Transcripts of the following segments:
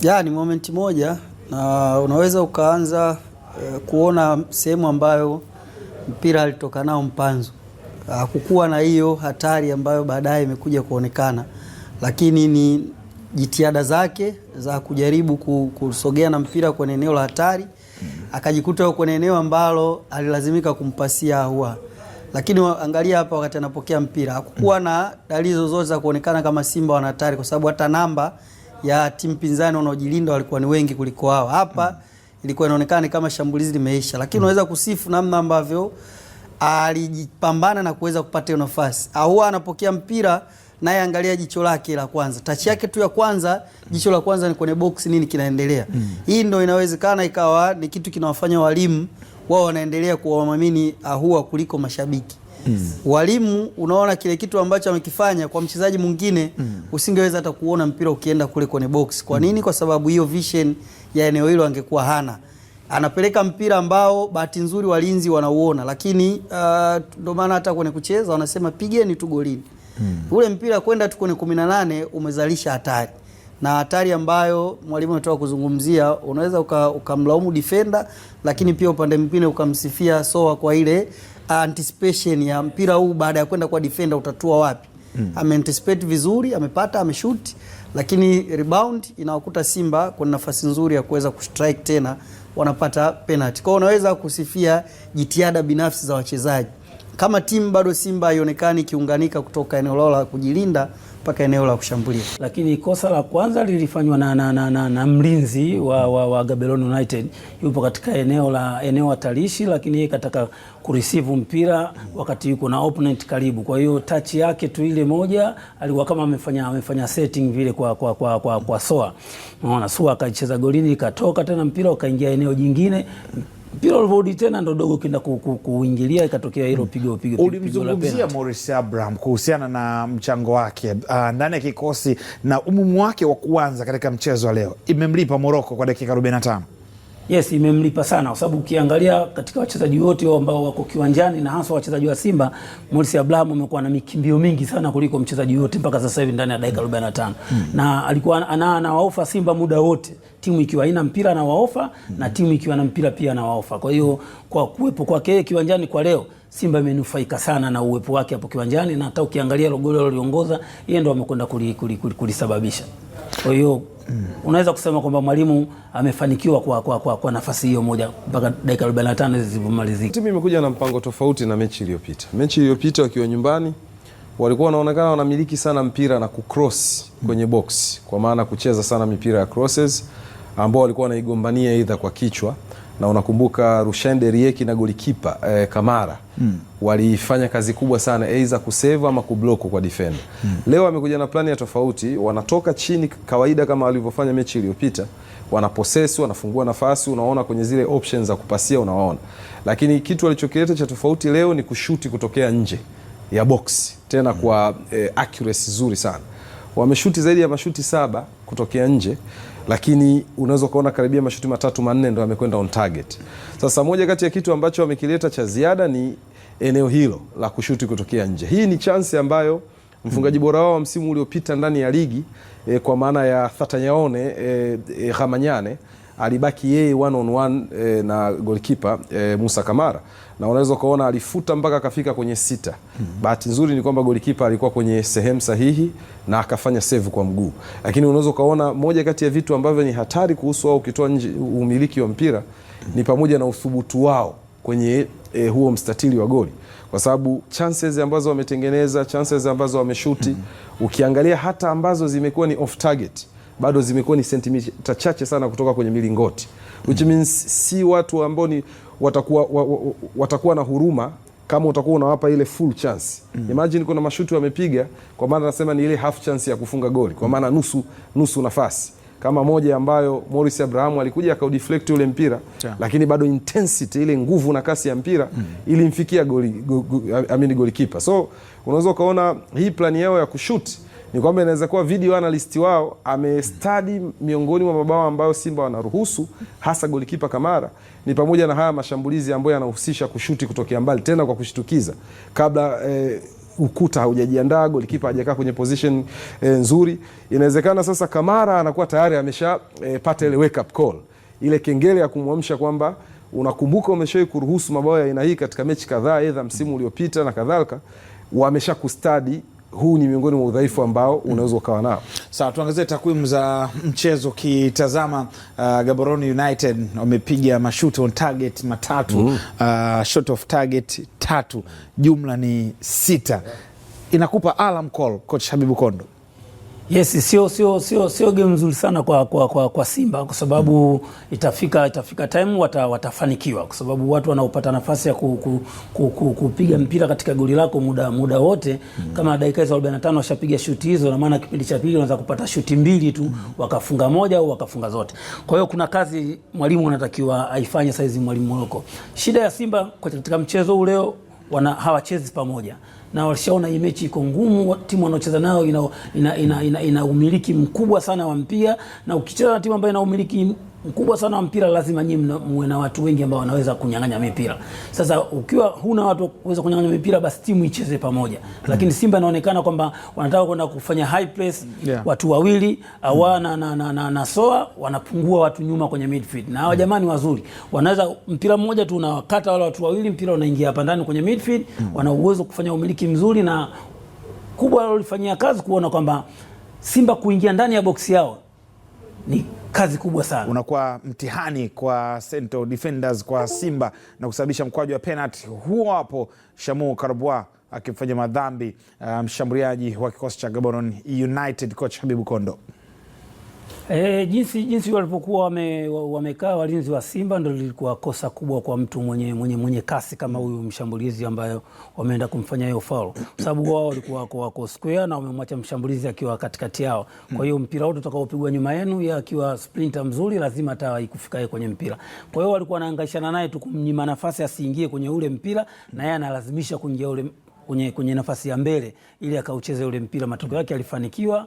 Ya, ni momenti moja na unaweza ukaanza eh, kuona sehemu ambayo mpira alitoka nao mpanzo. Ah, hakukuwa na hiyo hatari ambayo baadaye imekuja kuonekana, lakini ni jitihada zake za kujaribu kusogea na mpira kwenye eneo la hatari, akajikuta kwenye eneo ambalo alilazimika kumpasia Ahoua. Lakini angalia hapa, wakati anapokea mpira hakukuwa na dalili zozote za kuonekana kama Simba wana hatari, kwa sababu hata namba ya timu pinzani wanaojilinda walikuwa ni wengi kuliko wao. Hapa mm. ilikuwa inaonekana kama shambulizi limeisha, lakini unaweza mm. kusifu namna ambavyo alijipambana na kuweza kupata hiyo nafasi. Au anapokea mpira naye angalia jicho lake la kwanza, tachi mm. yake tu ya kwanza, jicho la kwanza ni kwenye box, nini kinaendelea. mm. Hii ndio inawezekana ikawa ni kitu kinawafanya walimu wao wanaendelea kuwaamini ahua kuliko mashabiki mm. Walimu unaona kile kitu ambacho amekifanya kwa mchezaji mwingine mm. usingeweza hata kuona mpira ukienda kule kwenye box. Kwa mm. nini? Kwa sababu hiyo vision ya eneo hilo angekuwa hana anapeleka mpira ambao bahati nzuri walinzi wanauona, lakini ndio uh, maana hata kwenye kucheza wanasema pigeni tu golini mm. ule mpira kwenda tu kwenye kumi na nane umezalisha hatari na hatari ambayo mwalimu ametoka kuzungumzia, unaweza ukamlaumu uka defender, lakini pia upande mwingine ukamsifia Soa kwa ile anticipation ya mpira huu, baada ya kwenda kwa defender utatua wapi? Mm. anticipate vizuri, amepata, ameshuti, lakini rebound inawakuta Simba kwa nafasi nzuri ya kuweza kustrike tena, wanapata penalty. Kwa hiyo unaweza kusifia jitihada binafsi za wachezaji kama timu bado Simba haionekani ikiunganika kutoka eneo lao la kujilinda mpaka eneo la kushambulia. Lakini kosa la kwanza lilifanywa na, na, na, na, na mlinzi wa, wa, wa Gaborone United, yupo katika eneo la eneo hatarishi, lakini yeye kataka kureceive mpira wakati yuko na opponent karibu. Kwa hiyo touch yake tu ile moja alikuwa kama amefanya amefanya setting vile kwa kwa kwa kwa, kwa Soa. Unaona Soa akacheza golini, ikatoka tena mpira ukaingia eneo jingine mpira ulivorudi tena ndo dogo kenda kuingilia ikatokea hilo mm. pigo pigo. Ulimzungumzia Morris Abraham kuhusiana na mchango wake uh, ndani ya kikosi na umuhimu wake wa kuanza katika mchezo wa leo, imemlipa Moroko kwa dakika 45. Yes, imemlipa sana kwa sababu ukiangalia katika wachezaji wote ambao wako kiwanjani na hasa wachezaji wa Simba, Morris Abraham amekuwa na mikimbio mingi sana kuliko mchezaji yote mpaka sasa hivi ndani ya dakika 45. Mm. Na alikuwa ana anawaofa Simba muda wote, timu ikiwa haina mpira anawaofa mm. na timu ikiwa na mpira pia anawaofa. Kwa hiyo kwa kuwepo kwake kiwanjani kwa leo Simba imenufaika sana na uwepo wake hapo kiwanjani na hata ukiangalia logoli aliongoza yeye ndo amekwenda kulisababisha. Kwa hiyo mm. unaweza kusema kwamba mwalimu amefanikiwa kwa, kwa, kwa, kwa nafasi hiyo moja mpaka dakika 45 hizi Timu imekuja na mpango tofauti na mechi iliyopita. Mechi iliyopita wakiwa nyumbani walikuwa wanaonekana wanamiliki sana mpira na kucross kwenye box, kwa maana kucheza sana mipira ya crosses ambao walikuwa wanaigombania aidha kwa kichwa na unakumbuka Rushende Rieki na golikipa eh, Kamara mm. walifanya kazi kubwa sana aidha kuseva ama kubloko kwa defender mm. Leo wamekuja na plani ya tofauti, wanatoka chini kawaida kama walivyofanya mechi iliyopita, wanaposesi, wanafungua nafasi, unaona kwenye zile options za kupasia unawaona, lakini kitu walichokileta cha tofauti leo ni kushuti kutokea nje ya box tena mm. kwa eh, accuracy nzuri sana wameshuti zaidi ya mashuti saba kutokea nje, lakini unaweza ukaona karibia mashuti matatu manne ndo amekwenda on target. Sasa moja kati ya kitu ambacho wamekileta cha ziada ni eneo hilo la kushuti kutokea nje. Hii ni chance ambayo mfungaji bora wao wa msimu uliopita ndani ya ligi e, kwa maana ya Thatanyaone e, eh, e, eh, Hamanyane alibaki yeye one on one e, na goalkeeper e, Musa Kamara na unaweza ukaona alifuta mpaka akafika kwenye sita. mm -hmm. Bahati nzuri ni kwamba golikipa alikuwa kwenye sehemu sahihi na akafanya save kwa mguu, lakini unaweza ukaona moja kati ya vitu ambavyo ni hatari kuhusu wao ukitoa nje umiliki wa mpira mm -hmm. ni pamoja na uthubutu wao kwenye e, huo mstatili wa goli, kwa sababu chances ambazo wametengeneza, chances ambazo wameshuti mm -hmm. ukiangalia hata ambazo zimekuwa ni off target bado zimekuwa ni sentimita chache sana kutoka kwenye milingoti which means si watu ambao ni watakuwa, wa, wa, watakuwa na huruma kama utakuwa unawapa ile full chance mm. Imagine kuna mashuti wamepiga, kwa maana nasema ni ile half chance ya kufunga goli, kwa maana nusu, nusu nafasi kama moja ambayo Morris Abraham alikuja akaudeflect ule mpira yeah. Lakini bado intensity ile nguvu na kasi ya mpira mm. ilimfikia goli, go, go, I mean golikipa. So unaweza ukaona hii plani yao ya kushuti ni kwamba inaweza kuwa video analyst wao amestadi miongoni mwa mabao ambayo Simba wanaruhusu, hasa golikipa Kamara, ni pamoja na haya mashambulizi ambayo yanahusisha kushuti kutokea mbali, tena kwa kushitukiza kabla eh, ukuta haujajiandaa golikipa hajakaa kwenye position eh, nzuri. Inawezekana sasa Kamara anakuwa tayari ameshapata eh, e, ile wake up call, ile kengele ya kumwamsha kwamba unakumbuka umeshawahi kuruhusu mabao ya aina hii katika mechi kadhaa, aidha msimu uliopita na kadhalika, wamesha kustadi huu ni miongoni mwa udhaifu ambao unaweza ukawa nao. Sawa, tuangazie takwimu za mchezo. Ukitazama uh, Gaborone United wamepiga mashuti on target matatu mm. uh, shot of target tatu, jumla ni sita. Inakupa alarm call, coach Habibu Kondo. Yes, sio sio sio sio game nzuri sana kwa, kwa, kwa, kwa Simba kwa sababu mm. itafika itafika time wata, watafanikiwa kwa sababu watu wanaopata nafasi ya ku, ku, ku, ku, kupiga mpira katika goli lako muda muda wote mm. kama dakika hizo 45 washapiga shuti hizo, na maana kipindi cha pili wanaweza kupata shuti mbili tu mm. wakafunga moja au wakafunga zote. Kwa hiyo kuna kazi mwalimu anatakiwa aifanye saizi mwalimu Moroko. Shida ya Simba katika mchezo ule wana hawachezi pamoja na walishaona hii mechi iko ngumu, timu wanaocheza nayo ina, ina, ina, ina, ina umiliki mkubwa sana wa mpira, na ukicheza na timu ambayo ina umiliki mkubwa sana wa mpira lazima nyinyi muwe na watu wengi ambao wanaweza kunyang'anya mipira. Sasa ukiwa huna watu kuweza kunyang'anya mipira, basi timu icheze pamoja. Lakini Simba inaonekana kwamba wanataka kwenda kufanya high press, yeah. watu wawili awa na, na, na, na, na soa wanapungua watu nyuma kwenye midfield, na hawa mm. jamani wazuri, wanaweza mpira mmoja tu unawakata wale watu wawili, mpira unaingia hapa ndani kwenye midfield, mm. wana uwezo kufanya umiliki udhibiti mzuri na kubwa alilofanyia kazi kuona kwamba Simba kuingia ndani ya boksi yao ni kazi kubwa sana, unakuwa mtihani kwa Central Defenders kwa Simba na kusababisha mkwaju wa penalty. Huo hapo Shamu Karabwa akimfanya madhambi uh, mshambuliaji um, wa kikosi cha Gaborone United, coach Habibu Kondo. E, jinsi jinsi walipokuwa wame, wamekaa walinzi wa Simba ndio lilikuwa kosa kubwa kwa mtu mwenye, mwenye, mwenye kasi kama huyu mshambulizi ambayo wameenda kumfanya hiyo foul, kwa sababu wao walikuwa wako, wako square na wamemwacha mshambulizi akiwa katikati yao. Kwa hiyo mpira wote utakaopigwa nyuma yenu, yeye akiwa sprinter mzuri lazima ataikufika yeye kwenye mpira. Kwa hiyo walikuwa wanahangaishana naye tu kumnyima nafasi asiingie kwenye ule mpira na yeye analazimisha kuingia ule kwenye, kwenye nafasi ya mbele ili akaucheze ule mpira. Matokeo yake alifanikiwa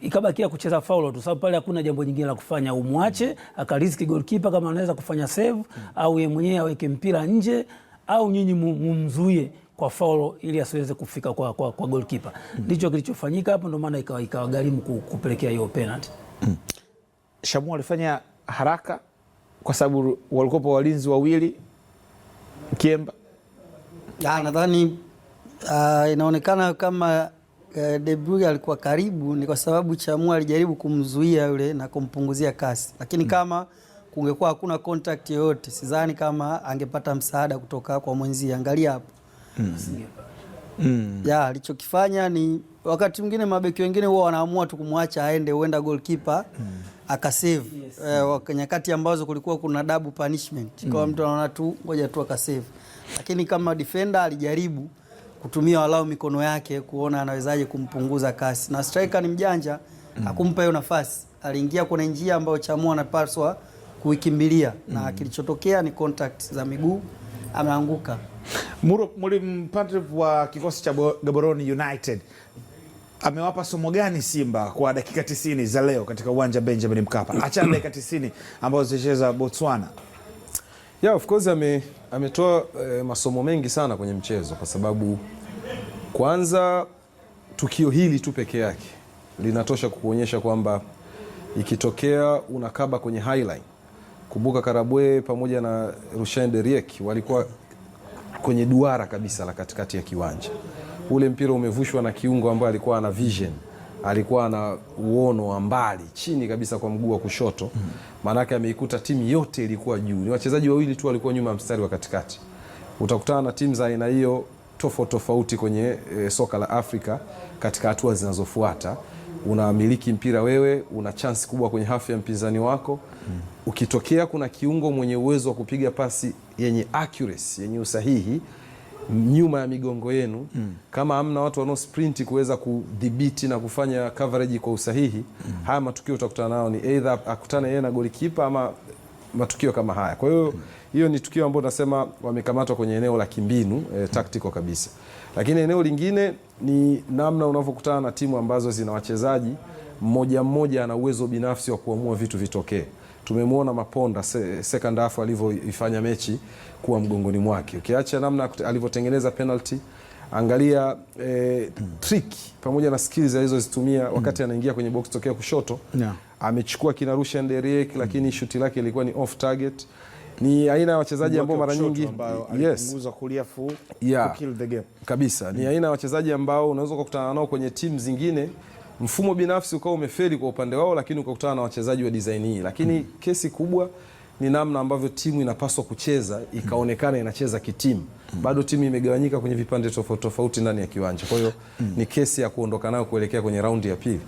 ikabakia kucheza faulo tu, sababu pale hakuna jambo jingine la kufanya, umwache akariski goalkeeper kama anaweza kufanya save mm. au yeye mwenyewe aweke mpira nje au nyinyi mumzuie kwa faulo ili asiweze kufika kwa, kwa, kwa goalkeeper ndicho mm. kilichofanyika hapo, ndio maana ikawa ikawagharimu kupelekea hiyo penalty mm. Shamu alifanya haraka kwa sababu walikuwa walinzi wawili Kiemba, ah, nadhani uh, inaonekana kama uh, eh, De Bruyne alikuwa karibu, ni kwa sababu Chamua alijaribu kumzuia yule na kumpunguzia kasi, lakini mm. kama kungekuwa hakuna contact yoyote, sidhani kama angepata msaada kutoka kwa mwenzie. Angalia hapo mm. Mm. Ya alichokifanya ni wakati mwingine mabeki wengine huwa wanaamua tu kumwacha aende, huenda goalkeeper mm. akasave yes. Eh, nyakati ambazo kulikuwa kuna double punishment mm. kwa hmm. mtu anaona tu ngoja tu akasave, lakini kama defender alijaribu kutumia walau mikono yake kuona anawezaje kumpunguza kasi, na striker ni mjanja mm. akumpa hiyo nafasi, aliingia kwenye njia ambayo Chamua anapaswa kuikimbilia mm. na kilichotokea ni contact za miguu, ameanguka. Mwalimu wa kikosi cha Gaborone United amewapa somo gani Simba kwa dakika 90 za leo katika uwanja Benjamin Mkapa, achana dakika 90 ambazo zilicheza Botswana? Yeah, of course ame, ametoa e, masomo mengi sana kwenye mchezo kwa sababu kwanza tukio hili tu peke yake linatosha kukuonyesha kwamba ikitokea unakaba kwenye highline. Kumbuka Karabwe pamoja na rushen Deriek walikuwa kwenye duara kabisa la katikati ya kiwanja. Ule mpira umevushwa na kiungo ambaye alikuwa ana vision alikuwa na uono wa mbali chini kabisa kwa mguu wa kushoto, maanake ameikuta timu yote ilikuwa juu. Ni wachezaji wawili tu walikuwa nyuma ya mstari wa katikati. Utakutana na timu za aina hiyo tofauti tofauti kwenye e, soka la Afrika katika hatua zinazofuata. Unamiliki mpira wewe, una chansi kubwa kwenye hafu ya mpinzani wako. Ukitokea kuna kiungo mwenye uwezo wa kupiga pasi yenye accuracy, yenye usahihi nyuma ya migongo yenu mm. Kama hamna watu wanao sprint kuweza kudhibiti na kufanya coverage kwa usahihi mm. Haya matukio utakutana nao ni either akutane yeye na golikipa ama matukio kama haya. Kwa hiyo mm. hiyo mm. ni tukio ambalo nasema wamekamatwa kwenye eneo la kimbinu e, tactical kabisa, lakini eneo lingine ni namna unavyokutana na timu ambazo zina wachezaji mmoja mmoja ana uwezo binafsi wa kuamua vitu vitokee tumemwona Maponda se, second half alivyoifanya mechi kuwa mgongoni mwake. Ukiacha namna alivyotengeneza penalty, angalia eh, trick pamoja na skills alizozitumia wakati mm. anaingia kwenye box tokea kushoto yeah. amechukua kinarusha Rushan lakini mm. shuti lake ilikuwa ni off target ni aina ya wachezaji ambao mara nyingi yes. yeah. kabisa ni mm. aina ya wachezaji ambao unaweza kukutana nao kwenye timu zingine mfumo binafsi ukawa umefeli kwa upande wao, lakini ukakutana na wachezaji wa design hii. Lakini mm. kesi kubwa ni namna ambavyo timu inapaswa kucheza ikaonekana inacheza kitimu. Hmm. Bado timu imegawanyika kwenye vipande tofauti tofauti ndani ya kiwanja. Kwa hiyo mm. ni kesi ya kuondoka nayo kuelekea kwenye raundi ya pili.